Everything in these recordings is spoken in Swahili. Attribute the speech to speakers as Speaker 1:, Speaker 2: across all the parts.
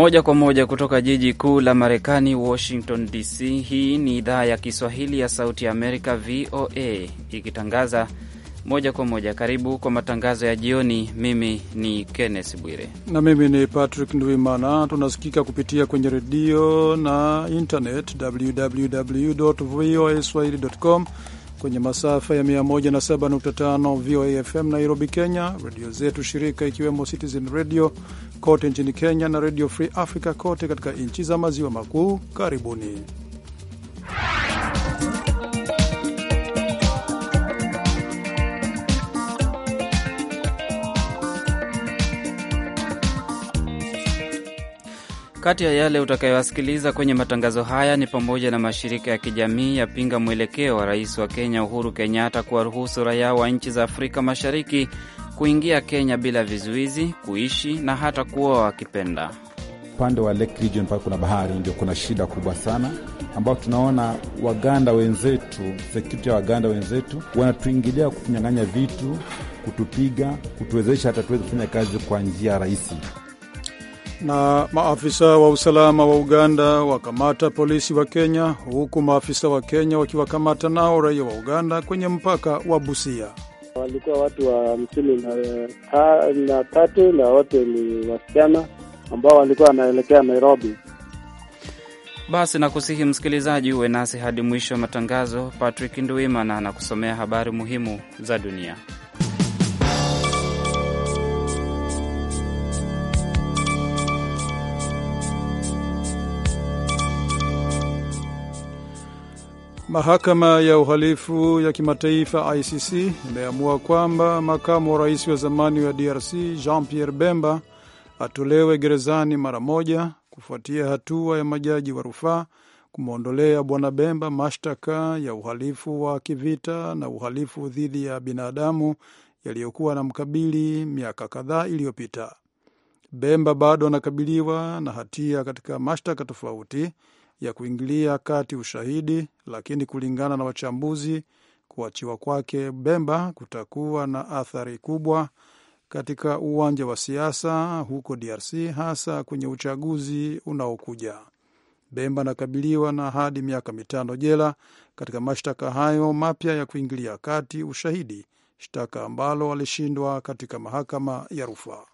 Speaker 1: Moja kwa moja kutoka jiji kuu la Marekani, Washington DC. Hii ni idhaa ya Kiswahili ya Sauti ya Amerika, VOA, ikitangaza moja kwa moja. Karibu kwa matangazo ya jioni. Mimi ni Kenneth Bwire
Speaker 2: na mimi ni Patrick Ndwimana. Tunasikika kupitia kwenye redio na internet, www voa swahili com kwenye masafa ya 107.5 VOA FM Nairobi, Kenya, redio zetu shirika ikiwemo Citizen Radio kote nchini Kenya na Radio Free Africa kote katika nchi za maziwa makuu. Karibuni.
Speaker 1: Kati ya yale utakayowasikiliza kwenye matangazo haya ni pamoja na mashirika ya kijamii yapinga mwelekeo wa rais wa Kenya Uhuru Kenyatta kuwaruhusu raia wa nchi za Afrika Mashariki kuingia Kenya bila vizuizi, kuishi na hata kuoa wakipenda.
Speaker 3: Upande wa Lake Region pale kuna bahari, ndio kuna shida kubwa sana ambao tunaona Waganda wenzetu, sekurity ya Waganda wenzetu wanatuingilia kutunyang'anya vitu, kutupiga, kutuwezesha hata tuweze kufanya kazi kwa njia rahisi.
Speaker 2: Na maafisa wa usalama wa Uganda wakamata polisi wa Kenya, huku maafisa wa Kenya wakiwakamata nao raia wa Uganda kwenye mpaka wa Busia.
Speaker 4: Walikuwa watu wa hamsini na, ta, na tatu na wote ni wasichana ambao walikuwa wanaelekea Nairobi.
Speaker 1: Basi nakusihi msikilizaji, uwe nasi hadi mwisho wa matangazo. Patrick Nduimana anakusomea habari muhimu za dunia.
Speaker 2: Mahakama ya uhalifu ya kimataifa ICC imeamua kwamba makamu wa rais wa zamani wa DRC Jean Pierre Bemba atolewe gerezani mara moja kufuatia hatua ya majaji wa rufaa kumwondolea bwana Bemba mashtaka ya uhalifu wa kivita na uhalifu dhidi ya binadamu yaliyokuwa na mkabili miaka kadhaa iliyopita. Bemba bado anakabiliwa na hatia katika mashtaka tofauti ya kuingilia kati ushahidi, lakini kulingana na wachambuzi, kuachiwa kwake Bemba kutakuwa na athari kubwa katika uwanja wa siasa huko DRC, hasa kwenye uchaguzi unaokuja. Bemba anakabiliwa na hadi miaka mitano jela katika mashtaka hayo mapya ya kuingilia kati ushahidi, shtaka ambalo alishindwa katika mahakama ya rufaa.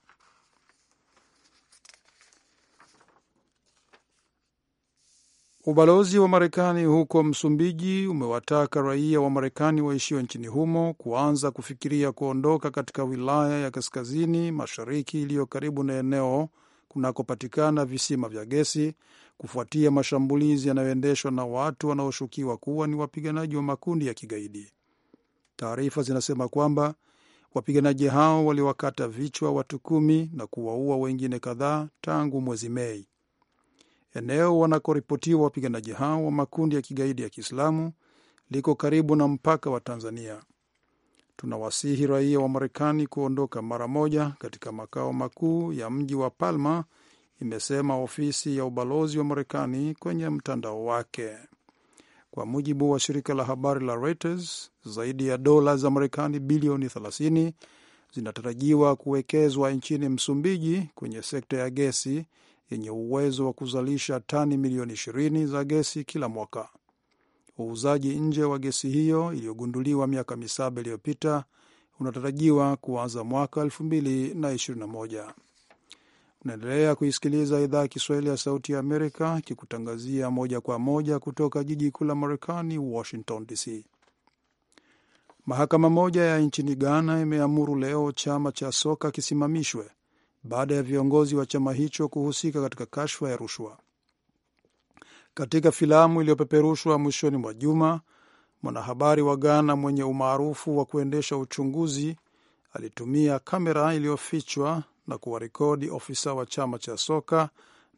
Speaker 2: Ubalozi wa Marekani huko Msumbiji umewataka raia wa Marekani waishio nchini humo kuanza kufikiria kuondoka katika wilaya ya kaskazini mashariki iliyo karibu na eneo kunakopatikana visima vya gesi kufuatia mashambulizi yanayoendeshwa na watu wanaoshukiwa kuwa ni wapiganaji wa makundi ya kigaidi. Taarifa zinasema kwamba wapiganaji hao waliwakata vichwa watu kumi na kuwaua wengine kadhaa tangu mwezi Mei. Eneo wanakoripotiwa wapiganaji hao wa makundi ya kigaidi ya Kiislamu liko karibu na mpaka wa Tanzania. Tunawasihi raia wa Marekani kuondoka mara moja katika makao makuu ya mji wa Palma, imesema ofisi ya ubalozi wa Marekani kwenye mtandao wake. Kwa mujibu wa shirika la habari la Reuters, zaidi ya dola za Marekani bilioni 30 zinatarajiwa kuwekezwa nchini Msumbiji kwenye sekta ya gesi yenye uwezo wa kuzalisha tani milioni 20 za gesi kila mwaka. Uuzaji nje wa gesi hiyo iliyogunduliwa miaka misaba iliyopita unatarajiwa kuanza mwaka 2021. Unaendelea kuisikiliza idhaa ya Kiswahili ya Sauti ya Amerika kikutangazia moja kwa moja kutoka jiji kuu la Marekani, Washington DC. Mahakama moja ya nchini Ghana imeamuru leo chama cha soka kisimamishwe baada ya viongozi wa chama hicho kuhusika katika kashfa ya rushwa. Katika filamu iliyopeperushwa mwishoni mwa juma, mwanahabari wa Ghana mwenye umaarufu wa kuendesha uchunguzi alitumia kamera iliyofichwa na kuwarekodi ofisa wa chama cha soka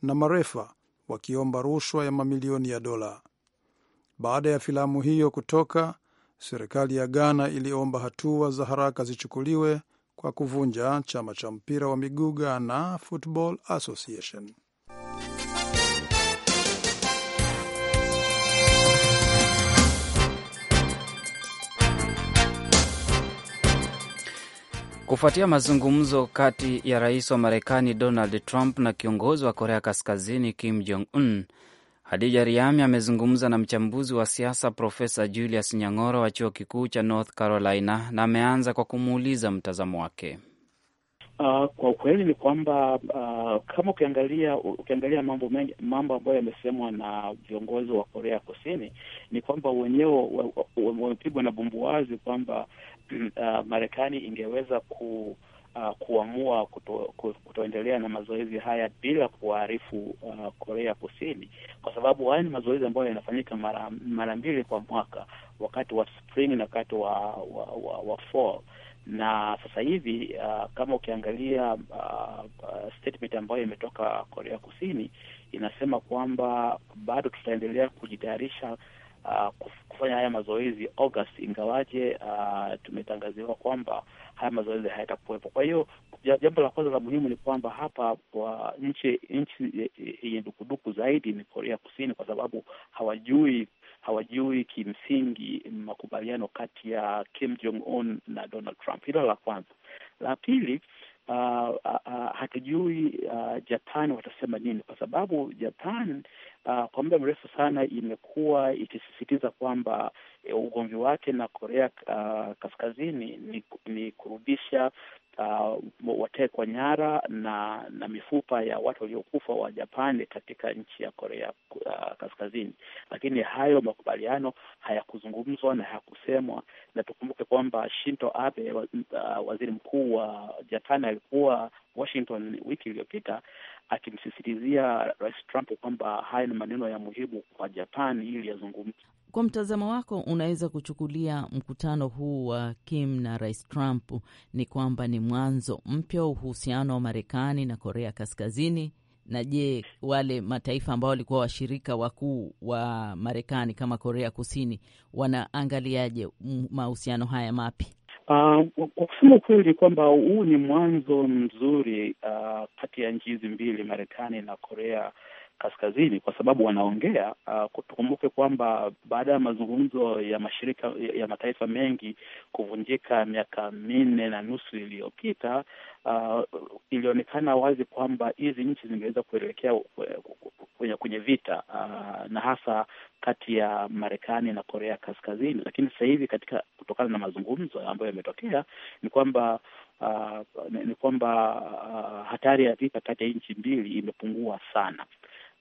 Speaker 2: na marefa wakiomba rushwa ya mamilioni ya dola. Baada ya filamu hiyo kutoka, serikali ya Ghana iliomba hatua za haraka zichukuliwe kwa kuvunja chama cha mpira wa miguu Ghana Football Association.
Speaker 1: Kufuatia mazungumzo kati ya rais wa Marekani Donald Trump na kiongozi wa Korea Kaskazini Kim Jong Un Hadija Riami amezungumza na mchambuzi wa siasa Profesa Julius Nyang'oro wa chuo kikuu cha North Carolina na ameanza kwa kumuuliza mtazamo wake.
Speaker 4: Uh, kwa ukweli ni kwamba uh, kama ukiangalia ukiangalia mambo mengi, mambo ambayo yamesemwa na viongozi wa Korea Kusini ni kwamba wenyewe wamepigwa na bumbuwazi kwamba uh, Marekani ingeweza ku uh, kuamua kuto, kutoendelea na mazoezi haya bila kuwaarifu uh, Korea Kusini, kwa sababu haya ni mazoezi ambayo yanafanyika mara mara mbili kwa mwaka, wakati wa spring na wakati wa, wa, wa, wa fall na sasa hivi uh, kama ukiangalia uh, uh statement ambayo imetoka Korea Kusini inasema kwamba bado tutaendelea kujitayarisha uh, kufanya haya mazoezi August, ingawaje uh, tumetangaziwa kwamba haya mazoezi hayatakuwepo. Kwa hiyo jambo la kwanza la muhimu ni kwamba hapa kwa nchi nchi yenye dukuduku zaidi ni Korea Kusini, kwa sababu hawajui hawajui kimsingi makubaliano kati ya Kim Jong Un na Donald Trump. Hilo la kwanza. La pili Uh, uh, uh, hatujui uh, Japan watasema nini, kwa sababu Japan uh, kwa muda mrefu sana imekuwa ikisisitiza kwamba uh, ugomvi wake na Korea uh, Kaskazini ni, ni kurudisha Uh, watekwa nyara na na mifupa ya watu waliokufa wa Japani katika nchi ya Korea uh, Kaskazini, lakini hayo makubaliano hayakuzungumzwa na hayakusemwa, na tukumbuke kwamba shinto Abe, uh, waziri mkuu wa Japani, alikuwa Washington wiki iliyopita akimsisitizia Rais Trump kwamba haya ni maneno ya muhimu kwa Japani ili yazungumza.
Speaker 5: Kwa mtazamo wako, unaweza kuchukulia mkutano huu wa Kim na Rais Trump ni kwamba ni mwanzo mpya wa uhusiano wa Marekani na Korea Kaskazini? Na je, wale mataifa ambao walikuwa washirika wakuu wa Marekani kama Korea Kusini wanaangaliaje mahusiano haya mapya?
Speaker 4: uh, kusema ukweli kwamba huu ni mwanzo mzuri uh, kati ya nchi hizi mbili Marekani na Korea kaskazini, kwa sababu wanaongea uh, ah, tukumbuke kwamba baada ya mazungumzo ya mashirika ya mataifa mengi kuvunjika miaka minne na nusu iliyopita, uh, ilionekana wazi kwamba hizi nchi zingeweza kuelekea kwenye, kwenye vita uh, na hasa kati ya Marekani na Korea Kaskazini, lakini sasa hivi katika kutokana na mazungumzo ambayo yametokea ni kwamba Uh, ni kwamba uh, hatari ya vita kati ya nchi mbili imepungua sana.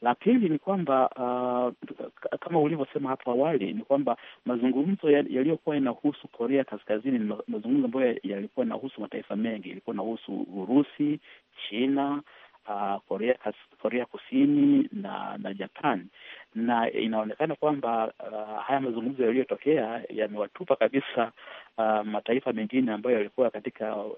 Speaker 4: La pili ni kwamba uh, kama ulivyosema hapo awali ni kwamba mazungumzo yaliyokuwa yanahusu Korea Kaskazini ni mazungumzo ambayo yalikuwa yanahusu mataifa mengi, ilikuwa inahusu Urusi, China Uh, Korea, Kas Korea Kusini na na Japan na inaonekana kwamba uh, haya mazungumzo yaliyotokea yamewatupa kabisa uh, mataifa mengine ambayo yalikuwa katika huu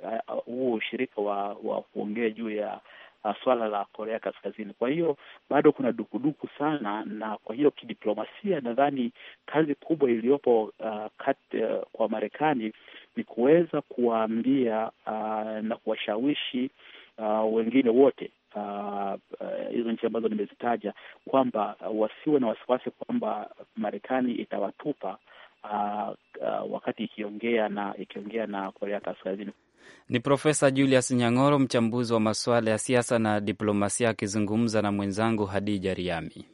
Speaker 4: uh, uh, ushirika wa wa kuongea juu ya uh, swala la Korea Kaskazini. Kwa hiyo bado kuna dukuduku sana, na kwa hiyo kidiplomasia, nadhani kazi kubwa iliyopo uh, kat, uh, kwa Marekani ni kuweza kuwaambia uh, na kuwashawishi uh, wengine wote hizo uh, uh, nchi ambazo nimezitaja kwamba uh, wasiwe na wasiwasi kwamba Marekani itawatupa uh, uh, wakati ikiongea na ikiongea na Korea Kaskazini.
Speaker 1: Ni Profesa Julius Nyang'oro, mchambuzi wa masuala ya siasa na diplomasia, akizungumza na mwenzangu Hadija Riami.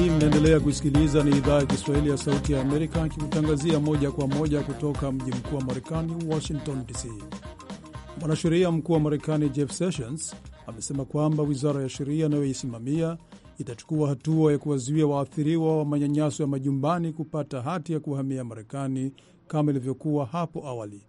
Speaker 2: Hii mnaendelea kusikiliza, ni idhaa ya Kiswahili ya Sauti ya Amerika ikikutangazia moja kwa moja kutoka mji mkuu wa Marekani, Washington DC. Mwanasheria mkuu wa Marekani Jeff Sessions amesema kwamba wizara ya sheria anayoisimamia itachukua hatua ya kuwazuia waathiriwa wa manyanyaso ya majumbani kupata hati ya kuhamia Marekani kama ilivyokuwa hapo awali.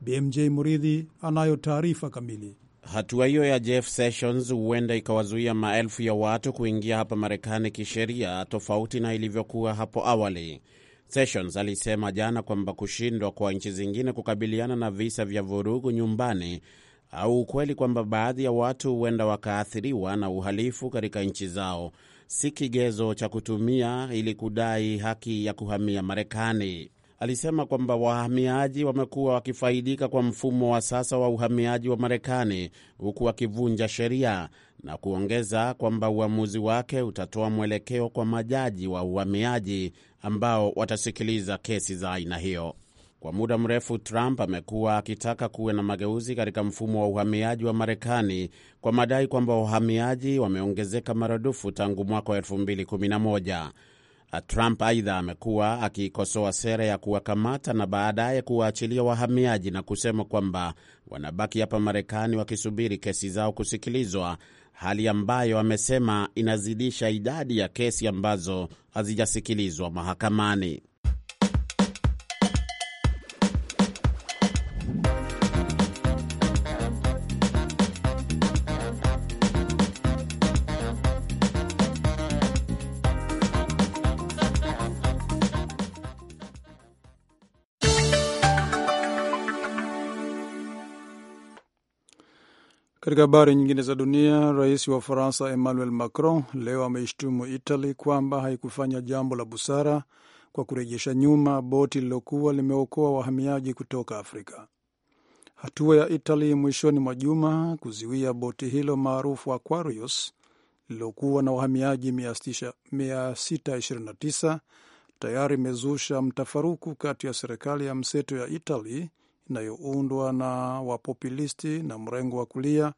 Speaker 2: BMJ Muridhi anayo taarifa kamili.
Speaker 3: Hatua hiyo ya Jeff Sessions huenda ikawazuia maelfu ya watu kuingia hapa Marekani kisheria, tofauti na ilivyokuwa hapo awali. Sessions alisema jana kwamba kushindwa kwa nchi zingine kukabiliana na visa vya vurugu nyumbani au ukweli kwamba baadhi ya watu huenda wakaathiriwa na uhalifu katika nchi zao si kigezo cha kutumia ili kudai haki ya kuhamia Marekani. Alisema kwamba wahamiaji wamekuwa wakifaidika kwa mfumo wa sasa wa uhamiaji wa Marekani huku wakivunja sheria na kuongeza kwamba uamuzi wake utatoa mwelekeo kwa majaji wa uhamiaji ambao watasikiliza kesi za aina hiyo. Kwa muda mrefu Trump amekuwa akitaka kuwe na mageuzi katika mfumo wa uhamiaji wa Marekani kwa madai kwamba wahamiaji wameongezeka maradufu tangu mwaka wa 2011. Ah, Trump aidha amekuwa akiikosoa sera ya kuwakamata na baadaye kuwaachilia wahamiaji na kusema kwamba wanabaki hapa Marekani wakisubiri kesi zao kusikilizwa, hali ambayo amesema inazidisha idadi ya kesi ambazo hazijasikilizwa mahakamani.
Speaker 2: Katika habari nyingine za dunia, rais wa Ufaransa Emmanuel Macron leo ameishtumu Italy kwamba haikufanya jambo la busara kwa kurejesha nyuma boti lililokuwa limeokoa wahamiaji kutoka Afrika. Hatua ya Italy mwishoni mwa juma kuziwia boti hilo maarufu Aquarius lililokuwa na wahamiaji 629 tayari imezusha mtafaruku kati ya serikali ya mseto ya Italy inayoundwa na wapopulisti na mrengo wa kulia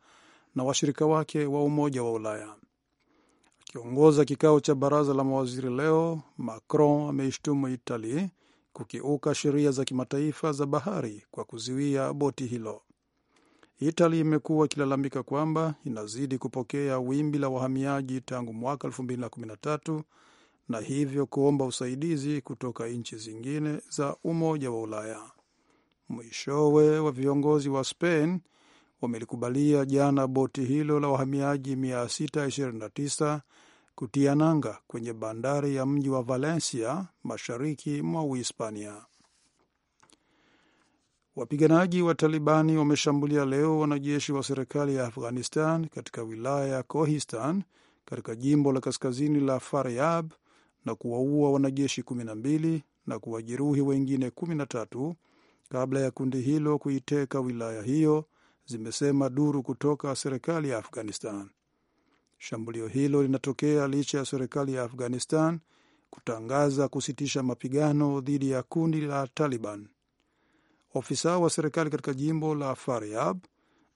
Speaker 2: na washirika wake wa Umoja wa Ulaya. Akiongoza kikao cha baraza la mawaziri leo, Macron ameishtumu Itali kukiuka sheria za kimataifa za bahari kwa kuziwia boti hilo. Itali imekuwa ikilalamika kwamba inazidi kupokea wimbi la wahamiaji tangu mwaka 2013 na hivyo kuomba usaidizi kutoka nchi zingine za Umoja wa Ulaya mwishowe wa viongozi wa Spain wamelikubalia jana boti hilo la wahamiaji 629 kutia nanga kwenye bandari ya mji wa Valencia mashariki mwa Uhispania. Wapiganaji wa Talibani wameshambulia leo wanajeshi wa serikali ya Afghanistan katika wilaya ya Kohistan katika jimbo la kaskazini la Faryab na kuwaua wanajeshi 12 na kuwajeruhi wengine kabla ya kundi hilo kuiteka wilaya hiyo, zimesema duru kutoka serikali ya Afghanistan. Shambulio hilo linatokea licha ya serikali ya Afghanistan kutangaza kusitisha mapigano dhidi ya kundi la Taliban. Ofisa wa serikali katika jimbo la Faryab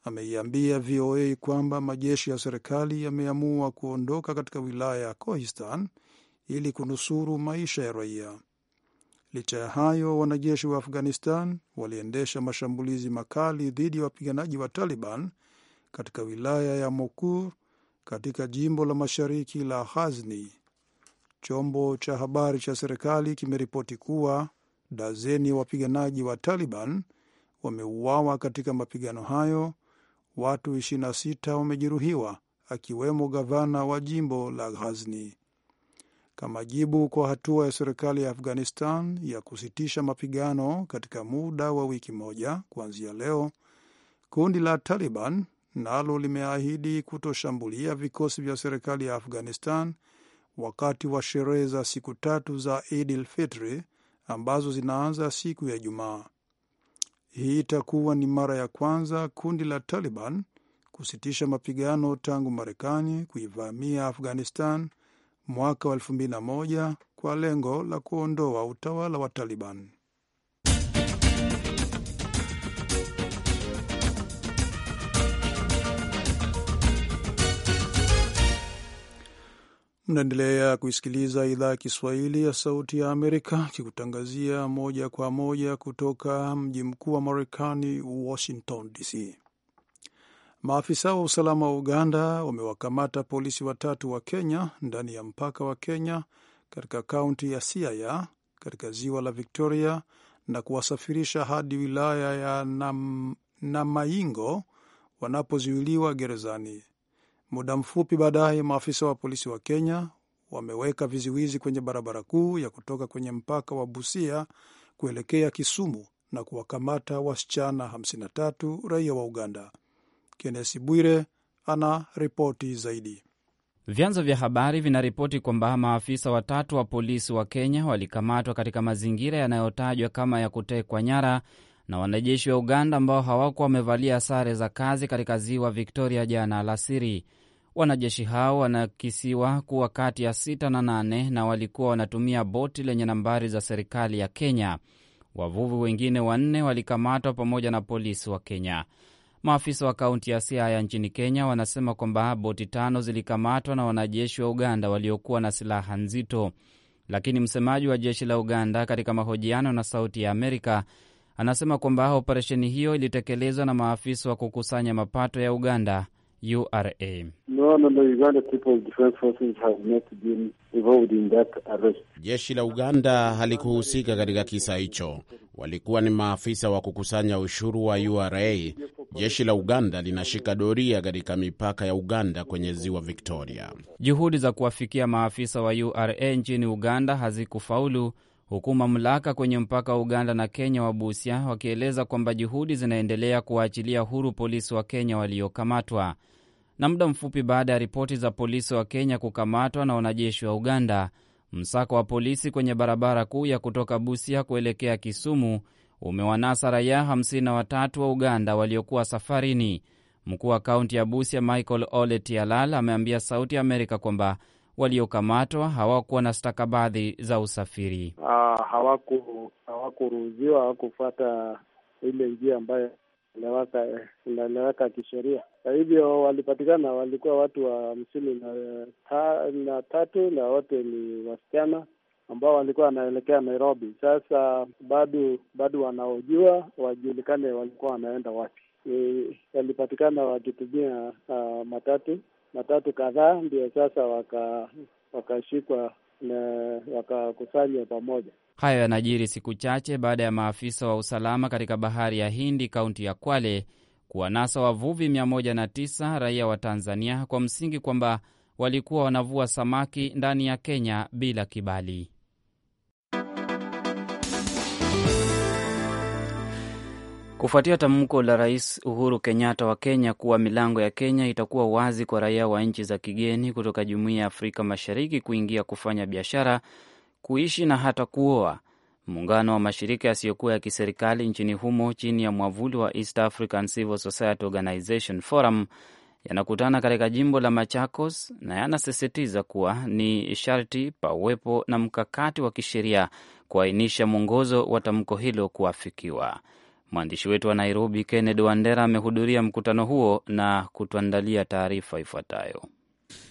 Speaker 2: ameiambia VOA kwamba majeshi ya serikali yameamua kuondoka katika wilaya ya Kohistan ili kunusuru maisha ya raia. Licha ya hayo, wanajeshi wa Afghanistan waliendesha mashambulizi makali dhidi ya wapiganaji wa Taliban katika wilaya ya Mokur katika jimbo la mashariki la Ghazni. Chombo cha habari cha serikali kimeripoti kuwa dazeni ya wapiganaji wa Taliban wameuawa katika mapigano hayo. Watu 26 wamejeruhiwa akiwemo gavana wa jimbo la Ghazni kama jibu kwa hatua ya serikali ya Afghanistan ya kusitisha mapigano katika muda wa wiki moja kuanzia leo. Kundi la Taliban nalo limeahidi kutoshambulia vikosi vya serikali ya Afghanistan wakati wa sherehe za siku tatu za Idil Fitri ambazo zinaanza siku ya Ijumaa. Hii itakuwa ni mara ya kwanza kundi la Taliban kusitisha mapigano tangu Marekani kuivamia Afghanistan mwaka wa 2001 kwa lengo la kuondoa utawala wa Taliban. Mnaendelea kuisikiliza idhaa ya Kiswahili ya Sauti ya Amerika kikutangazia moja kwa moja kutoka mji mkuu wa Marekani, Washington DC. Maafisa wa usalama wa Uganda wamewakamata polisi watatu wa Kenya ndani ya mpaka wa Kenya katika kaunti ya Siaya katika ziwa la Victoria na kuwasafirisha hadi wilaya ya Nam, Namaingo wanapozuiliwa gerezani. Muda mfupi baadaye, maafisa wa polisi wa Kenya wameweka viziwizi kwenye barabara kuu ya kutoka kwenye mpaka wa Busia kuelekea Kisumu na kuwakamata wasichana 53 raia wa Uganda. Kenesi Bwire ana ripoti zaidi.
Speaker 1: Vyanzo vya habari vinaripoti kwamba maafisa watatu wa polisi wa Kenya walikamatwa katika mazingira yanayotajwa kama ya kutekwa nyara na wanajeshi wa Uganda ambao hawakuwa wamevalia sare za kazi katika ziwa Victoria jana alasiri. Wanajeshi hao wanakisiwa kuwa kati ya sita na nane na walikuwa wanatumia boti lenye nambari za serikali ya Kenya. Wavuvi wengine wanne walikamatwa pamoja na polisi wa Kenya. Maafisa wa kaunti ya Siaya nchini Kenya wanasema kwamba boti tano zilikamatwa na wanajeshi wa Uganda waliokuwa na silaha nzito, lakini msemaji wa jeshi la Uganda katika mahojiano na Sauti ya Amerika anasema kwamba operesheni hiyo ilitekelezwa na maafisa wa kukusanya mapato ya Uganda
Speaker 3: URA. No, no, no, Uganda People's Forces have not been involved in that arrest. Jeshi la Uganda halikuhusika katika kisa hicho. Walikuwa ni maafisa wa kukusanya ushuru wa URA. Jeshi la Uganda linashika doria katika mipaka ya Uganda kwenye ziwa Victoria. Juhudi za kuwafikia maafisa wa
Speaker 1: URA nchini Uganda hazikufaulu huku mamlaka kwenye mpaka wa Uganda na Kenya wa Busia wakieleza kwamba juhudi zinaendelea kuwaachilia huru polisi wa Kenya waliokamatwa. Na muda mfupi baada ya ripoti za polisi wa Kenya kukamatwa na wanajeshi wa Uganda, msako wa polisi kwenye barabara kuu ya kutoka Busia kuelekea Kisumu umewanasa raia 53 wa Uganda waliokuwa safarini. Mkuu wa kaunti ya Busia Michael Ole Tialal ameambia Sauti ya Amerika kwamba waliokamatwa hawakuwa na stakabadhi za usafiri.
Speaker 4: Ah, hawakuruhusiwa, hawaku hawakufata ile njia ambayo inaeleweka kisheria. Kwa hivyo walipatikana, walikuwa watu wa hamsini na, ta, na tatu na wote ni wasichana ambao walikuwa wanaelekea Nairobi. Sasa bado bado wanaojua wajulikane walikuwa wanaenda wapi. E, walipatikana wakitumia uh, matatu matatu kadhaa, ndio sasa waka wakashikwa na wakakusanywa pamoja.
Speaker 1: Hayo yanajiri siku chache baada ya maafisa wa usalama katika bahari ya Hindi, kaunti ya Kwale, kuwanasa wavuvi 109 raia wa Tanzania kwa msingi kwamba walikuwa wanavua samaki ndani ya Kenya bila kibali. kufuatia tamko la Rais Uhuru Kenyatta wa Kenya kuwa milango ya Kenya itakuwa wazi kwa raia wa nchi za kigeni kutoka Jumuiya ya Afrika Mashariki kuingia kufanya biashara, kuishi na hata kuoa. Muungano wa mashirika yasiyokuwa ya kiserikali nchini humo chini ya mwavuli wa East African Civil Society Organization Forum yanakutana katika jimbo la Machakos na yanasisitiza kuwa ni sharti pawepo na mkakati wa kisheria kuainisha mwongozo wa tamko hilo kuafikiwa. Mwandishi wetu wa Nairobi, Kennedy Wandera, amehudhuria mkutano huo na kutuandalia taarifa ifuatayo.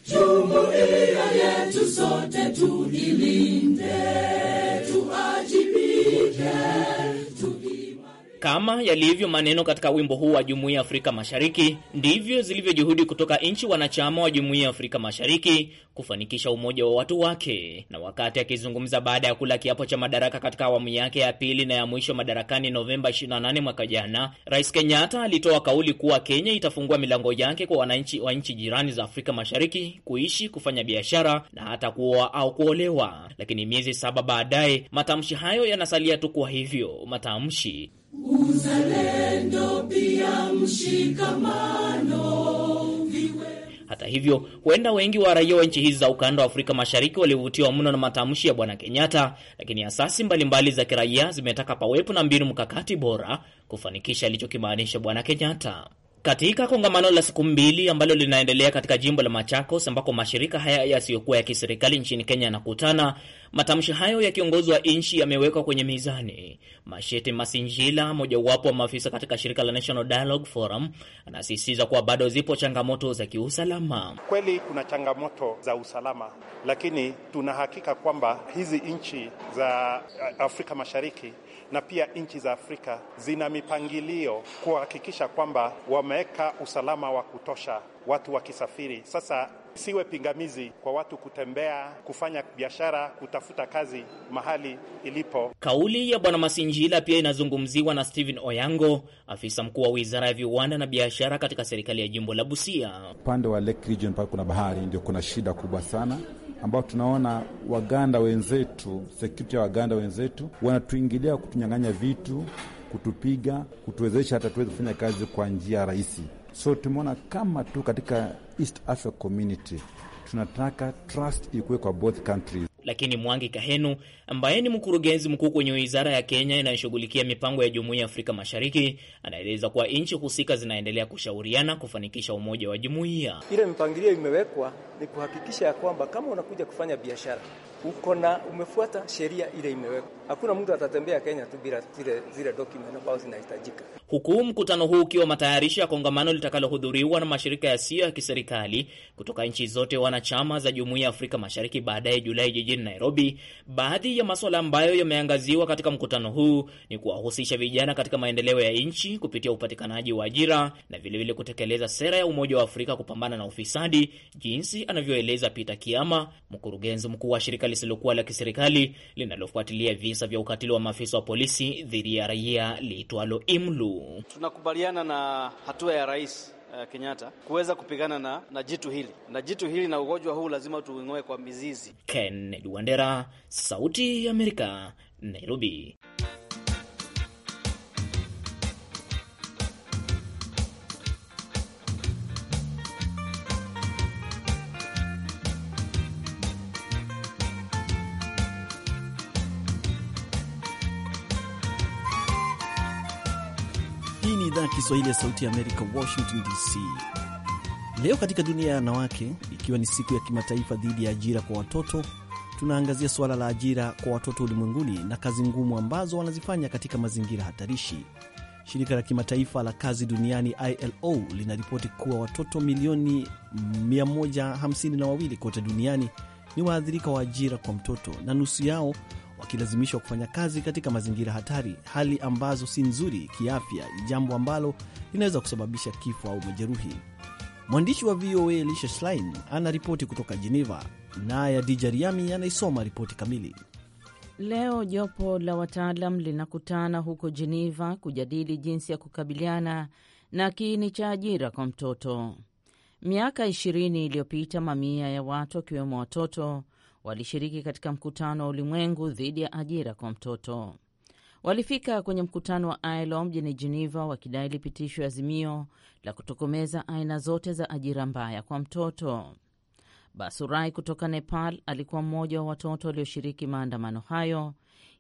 Speaker 1: Jumuiya yetu sote
Speaker 6: tuilinde, tuajibike
Speaker 7: kama yalivyo maneno katika wimbo huu wa Jumuiya ya Afrika Mashariki, ndivyo zilivyo juhudi kutoka nchi wanachama wa Jumuiya ya Afrika Mashariki kufanikisha umoja wa watu wake. Na wakati akizungumza baada ya kula kiapo cha madaraka katika awamu yake ya pili na ya mwisho madarakani Novemba 28 mwaka jana, Rais Kenyatta alitoa kauli kuwa Kenya itafungua milango yake kwa wananchi wa nchi jirani za Afrika Mashariki kuishi, kufanya biashara na hata kuoa au kuolewa. Lakini miezi saba baadaye matamshi hayo yanasalia tu kuwa hivyo matamshi
Speaker 6: uzalendo pia mshikamano.
Speaker 7: Hata hivyo, huenda wengi wa raia wa nchi hizi za ukanda wa Afrika Mashariki walivutiwa mno na matamshi ya Bwana Kenyatta, lakini asasi mbalimbali za kiraia zimetaka pawepo na mbinu mkakati bora kufanikisha alichokimaanisha Bwana Kenyatta. Katika kongamano la siku mbili ambalo linaendelea katika jimbo la Machakos ambako mashirika haya yasiyokuwa ya kiserikali nchini Kenya yanakutana, matamshi hayo ya kiongozi wa nchi yamewekwa kwenye mizani. Mashete Masinjila, mojawapo wa maafisa katika shirika la National Dialogue Forum, anasisitiza kuwa bado zipo changamoto za kiusalama.
Speaker 3: Kweli kuna changamoto za usalama, lakini tunahakika kwamba hizi nchi za Afrika Mashariki na pia nchi za Afrika zina mipangilio kuhakikisha kwamba wameweka usalama wa kutosha watu wakisafiri. Sasa siwe pingamizi kwa watu kutembea, kufanya biashara, kutafuta kazi mahali ilipo.
Speaker 7: Kauli ya Bwana Masinjila pia inazungumziwa na Stephen Oyango, afisa mkuu wa wizara ya viwanda na biashara katika serikali ya jimbo la Busia.
Speaker 3: Upande wa Lake Region pale kuna bahari, ndio kuna shida kubwa sana ambao tunaona Waganda wenzetu, sekurity ya Waganda wenzetu wanatuingilia kutunyang'anya vitu, kutupiga, kutuwezesha hata tuweze kufanya kazi kwa njia rahisi. So tumeona kama tu katika East Africa Community tunataka trust ikuwe kwa both countries.
Speaker 7: Lakini Mwangi Kahenu ambaye ni mkurugenzi mkuu kwenye wizara ya Kenya inayoshughulikia mipango ya jumuiya ya Afrika Mashariki anaeleza kuwa nchi husika zinaendelea kushauriana kufanikisha umoja wa jumuiya.
Speaker 8: Ile mipangilio imewekwa ni kuhakikisha ya kwamba kama unakuja kufanya biashara
Speaker 6: uko na umefuata sheria ile imewekwa. Hakuna mtu atatembea Kenya tu bila zile, zile
Speaker 7: document ambazo zinahitajika. Huku mkutano huu ukiwa matayarisho ya kongamano litakalohudhuriwa na mashirika yasiyo ya kiserikali kutoka nchi zote wanachama za Jumuiya ya Afrika Mashariki baadaye Julai jijini Nairobi, baadhi ya masuala ambayo yameangaziwa katika mkutano huu ni kuwahusisha vijana katika maendeleo ya nchi kupitia upatikanaji wa ajira na vilevile kutekeleza sera ya Umoja wa Afrika kupambana na ufisadi, jinsi anavyoeleza Peter Kiama, mkurugenzi mkuu wa shirika lisilokuwa la kiserikali linalofuatilia visa vya ukatili wa maafisa wa polisi dhidi ya raia liitwalo IMLU.
Speaker 8: Tunakubaliana na hatua ya rais eh, Kenyatta kuweza kupigana na, na jitu hili na jitu hili na ugonjwa huu lazima tuing'oe kwa mizizi.
Speaker 7: Ken Wandera, Sauti ya Amerika, Nairobi.
Speaker 8: Kiswahili ya Sauti ya Amerika, Washington DC. Leo katika dunia ya wanawake, ikiwa ni siku ya kimataifa dhidi ya ajira kwa watoto, tunaangazia suala la ajira kwa watoto ulimwenguni na kazi ngumu ambazo wanazifanya katika mazingira hatarishi. Shirika la kimataifa la kazi duniani ILO linaripoti kuwa watoto milioni 152 kote duniani ni waathirika wa ajira kwa mtoto na nusu yao wakilazimishwa kufanya kazi katika mazingira hatari, hali ambazo si nzuri kiafya, jambo ambalo linaweza kusababisha kifo au majeruhi. Mwandishi wa VOA Lisha Schlein ripoti kutoka Jeneva, naye Adija Riami anaisoma ripoti kamili.
Speaker 5: Leo jopo la wataalam linakutana huko Jeneva kujadili jinsi ya kukabiliana na kiini cha ajira kwa mtoto. Miaka ishirini iliyopita mamia ya watu wakiwemo watoto walishiriki katika mkutano wa ulimwengu dhidi ya ajira kwa mtoto. Walifika kwenye mkutano wa ILO mjini Geneva wakidai ya azimio la kutokomeza aina zote za ajira mbaya kwa mtoto. Basurai kutoka Nepal alikuwa mmoja wa watoto walioshiriki maandamano hayo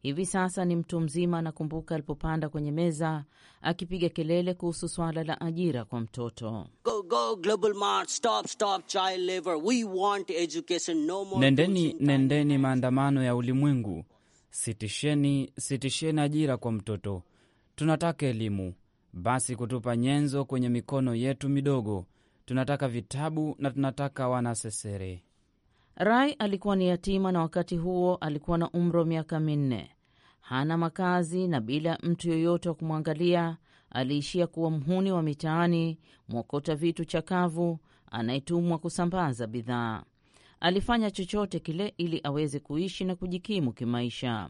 Speaker 5: Hivi sasa ni mtu mzima, anakumbuka alipopanda kwenye meza akipiga kelele kuhusu swala la ajira kwa mtoto. Nendeni, nendeni
Speaker 1: maandamano ya ulimwengu. Sitisheni, sitisheni ajira kwa mtoto. Tunataka elimu, basi kutupa nyenzo kwenye mikono yetu midogo. Tunataka vitabu na tunataka wanasesere.
Speaker 5: Rai alikuwa ni yatima na wakati huo alikuwa na umri wa miaka minne hana makazi na bila mtu yoyote wa kumwangalia, aliishia kuwa mhuni wa mitaani, mwokota vitu chakavu anayetumwa kusambaza bidhaa. Alifanya chochote kile ili aweze kuishi na kujikimu kimaisha.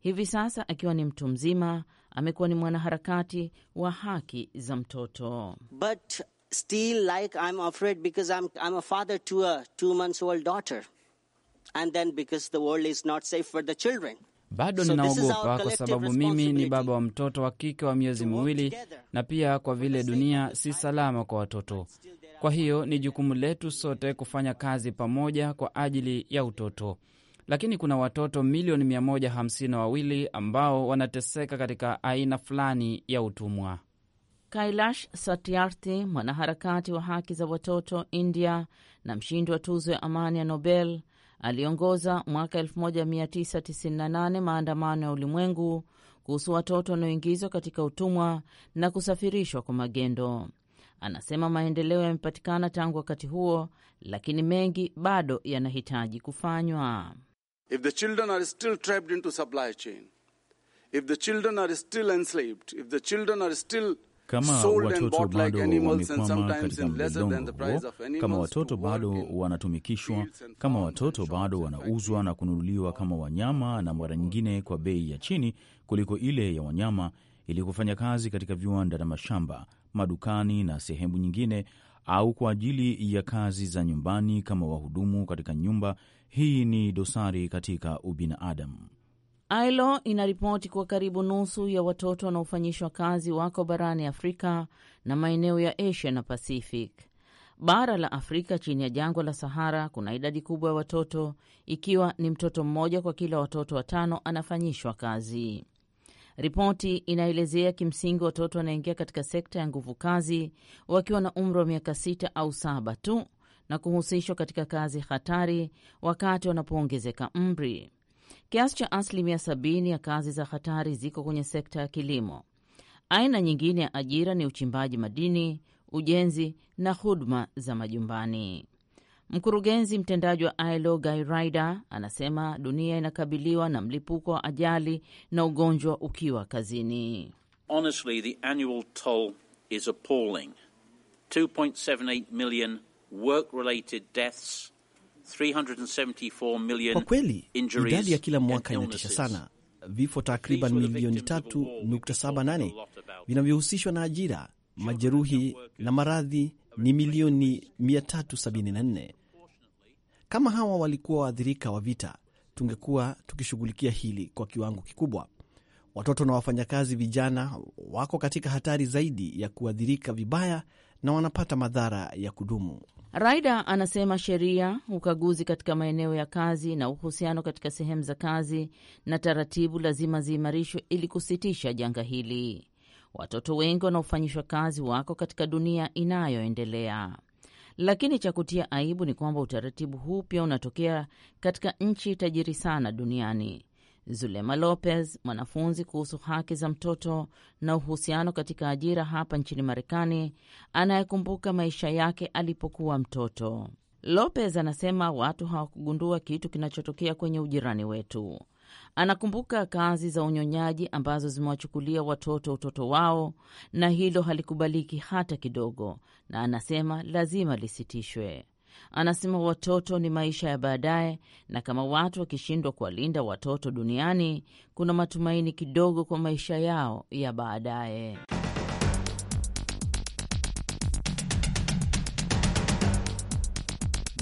Speaker 5: Hivi sasa akiwa ni mtu mzima, amekuwa ni mwanaharakati wa haki za mtoto. But still like I'm afraid because I'm, I'm a father to a two months old daughter and then because the world is not safe for the children
Speaker 1: bado ninaogopa kwa sababu mimi ni baba wa mtoto wa kike wa miezi miwili, na pia kwa vile dunia si salama kwa watoto. Kwa hiyo ni jukumu letu sote kufanya kazi pamoja kwa ajili ya utoto, lakini kuna watoto milioni mia moja hamsini na wawili ambao wanateseka katika aina fulani ya utumwa.
Speaker 5: Kailash Satyarthi, mwanaharakati wa haki za watoto India na mshindi wa tuzo ya amani ya Nobel, Aliongoza mwaka 1998 maandamano ya ulimwengu kuhusu watoto wanaoingizwa katika utumwa na kusafirishwa kwa magendo. Anasema maendeleo yamepatikana tangu wakati huo, lakini mengi bado yanahitaji kufanywa.
Speaker 6: If the children are still trapped into supply chain, if the children are still enslaved, if the children are still kama watoto bado wamekwama katika mlolongo huo, kama watoto bado wanatumikishwa, kama watoto bado wanauzwa na kununuliwa kama wanyama, na mara nyingine kwa bei ya chini kuliko ile ya wanyama, ili kufanya kazi katika viwanda na mashamba, madukani na sehemu nyingine, au kwa ajili ya kazi za nyumbani kama wahudumu katika nyumba. Hii ni dosari katika ubinadamu.
Speaker 5: ILO inaripoti kuwa karibu nusu ya watoto wanaofanyishwa kazi wako barani Afrika na maeneo ya Asia na Pacific. Bara la Afrika chini ya jangwa la Sahara kuna idadi kubwa ya watoto, ikiwa ni mtoto mmoja kwa kila watoto watano anafanyishwa kazi. Ripoti inaelezea kimsingi watoto wanaingia katika sekta ya nguvu kazi wakiwa na umri wa miaka sita au saba tu na kuhusishwa katika kazi hatari wakati wanapoongezeka umri. Kiasi cha asilimia sabini ya kazi za hatari ziko kwenye sekta ya kilimo. Aina nyingine ya ajira ni uchimbaji madini, ujenzi na huduma za majumbani. Mkurugenzi mtendaji wa ILO Guy Ryder anasema dunia inakabiliwa na mlipuko wa ajali na ugonjwa ukiwa kazini.
Speaker 6: Honestly, the annual toll is appalling. 2.78 million work-related deaths kwa kweli
Speaker 8: idadi ya kila mwaka inatisha sana, vifo takriban milioni 3.78 vinavyohusishwa na ajira, majeruhi na maradhi ni milioni 374. Kama hawa walikuwa waathirika wa vita, tungekuwa tukishughulikia hili kwa kiwango kikubwa. Watoto na wafanyakazi vijana wako katika hatari zaidi ya kuathirika vibaya na wanapata madhara ya kudumu.
Speaker 5: Raida anasema sheria, ukaguzi katika maeneo ya kazi na uhusiano katika sehemu za kazi na taratibu lazima ziimarishwe ili kusitisha janga hili. Watoto wengi wanaofanyishwa kazi wako katika dunia inayoendelea, lakini cha kutia aibu ni kwamba utaratibu huu pia unatokea katika nchi tajiri sana duniani Zulema Lopez, mwanafunzi kuhusu haki za mtoto na uhusiano katika ajira hapa nchini Marekani, anayekumbuka maisha yake alipokuwa mtoto. Lopez anasema watu hawakugundua kitu kinachotokea kwenye ujirani wetu. Anakumbuka kazi za unyonyaji ambazo zimewachukulia watoto utoto wao, na hilo halikubaliki hata kidogo, na anasema lazima lisitishwe. Anasema watoto ni maisha ya baadaye, na kama watu wakishindwa kuwalinda watoto duniani, kuna matumaini kidogo kwa maisha yao ya baadaye.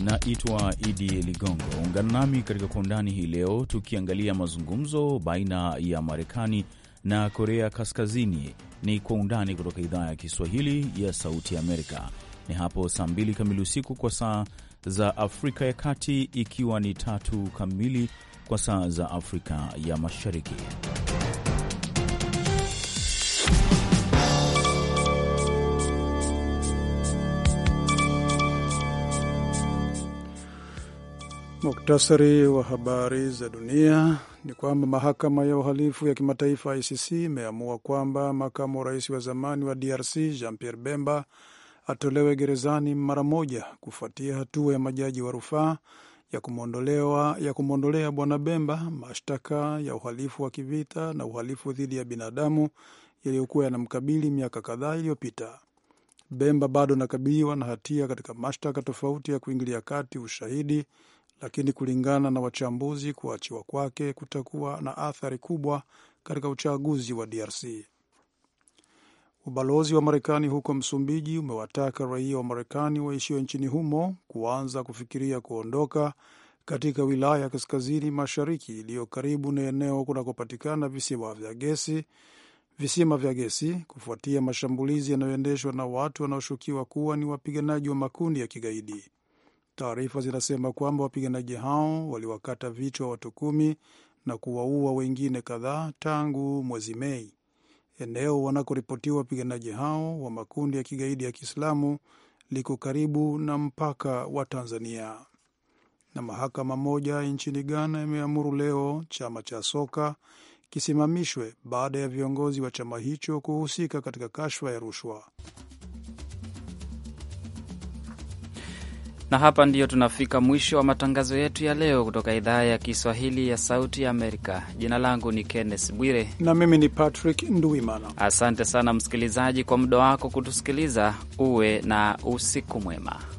Speaker 6: Naitwa Idi Ligongo. Ungana nami katika Kwa Undani hii leo tukiangalia mazungumzo baina ya Marekani na Korea Kaskazini. Ni Kwa Undani kutoka idhaa ya Kiswahili ya Sauti Amerika ni hapo saa 2 kamili usiku kwa saa za Afrika ya Kati, ikiwa ni tatu kamili kwa saa za Afrika ya Mashariki.
Speaker 2: Muktasari wa habari za dunia ni kwamba mahakama ya uhalifu ya kimataifa ICC imeamua kwamba makamu wa rais wa zamani wa DRC Jean Pierre Bemba atolewe gerezani mara moja kufuatia hatua ya majaji wa rufaa ya kumwondolea Bwana Bemba mashtaka ya uhalifu wa kivita na uhalifu dhidi ya binadamu yaliyokuwa yanamkabili miaka kadhaa iliyopita. Bemba bado anakabiliwa na hatia katika mashtaka tofauti ya kuingilia kati ushahidi, lakini kulingana na wachambuzi, kuachiwa kwake kutakuwa na athari kubwa katika uchaguzi wa DRC. Ubalozi wa Marekani huko Msumbiji umewataka raia wa Marekani waishio nchini humo kuanza kufikiria kuondoka katika wilaya ya kaskazini mashariki iliyo karibu na eneo kunakopatikana visima vya gesi visima vya gesi kufuatia mashambulizi yanayoendeshwa na watu wanaoshukiwa kuwa ni wapiganaji wa makundi ya kigaidi. Taarifa zinasema kwamba wapiganaji hao waliwakata vichwa watu kumi na kuwaua wengine kadhaa tangu mwezi Mei. Eneo wanakoripotiwa wapiganaji hao wa makundi ya kigaidi ya Kiislamu liko karibu na mpaka wa Tanzania. Na mahakama moja nchini Ghana imeamuru leo chama cha soka kisimamishwe baada ya viongozi wa chama hicho kuhusika katika kashfa ya rushwa.
Speaker 1: Na hapa ndiyo tunafika mwisho wa matangazo yetu ya leo kutoka idhaa ya Kiswahili ya Sauti ya Amerika. Jina langu ni Kenneth Bwire
Speaker 2: na mimi ni Patrick Nduimana.
Speaker 1: Asante sana msikilizaji kwa muda wako kutusikiliza. Uwe na usiku mwema.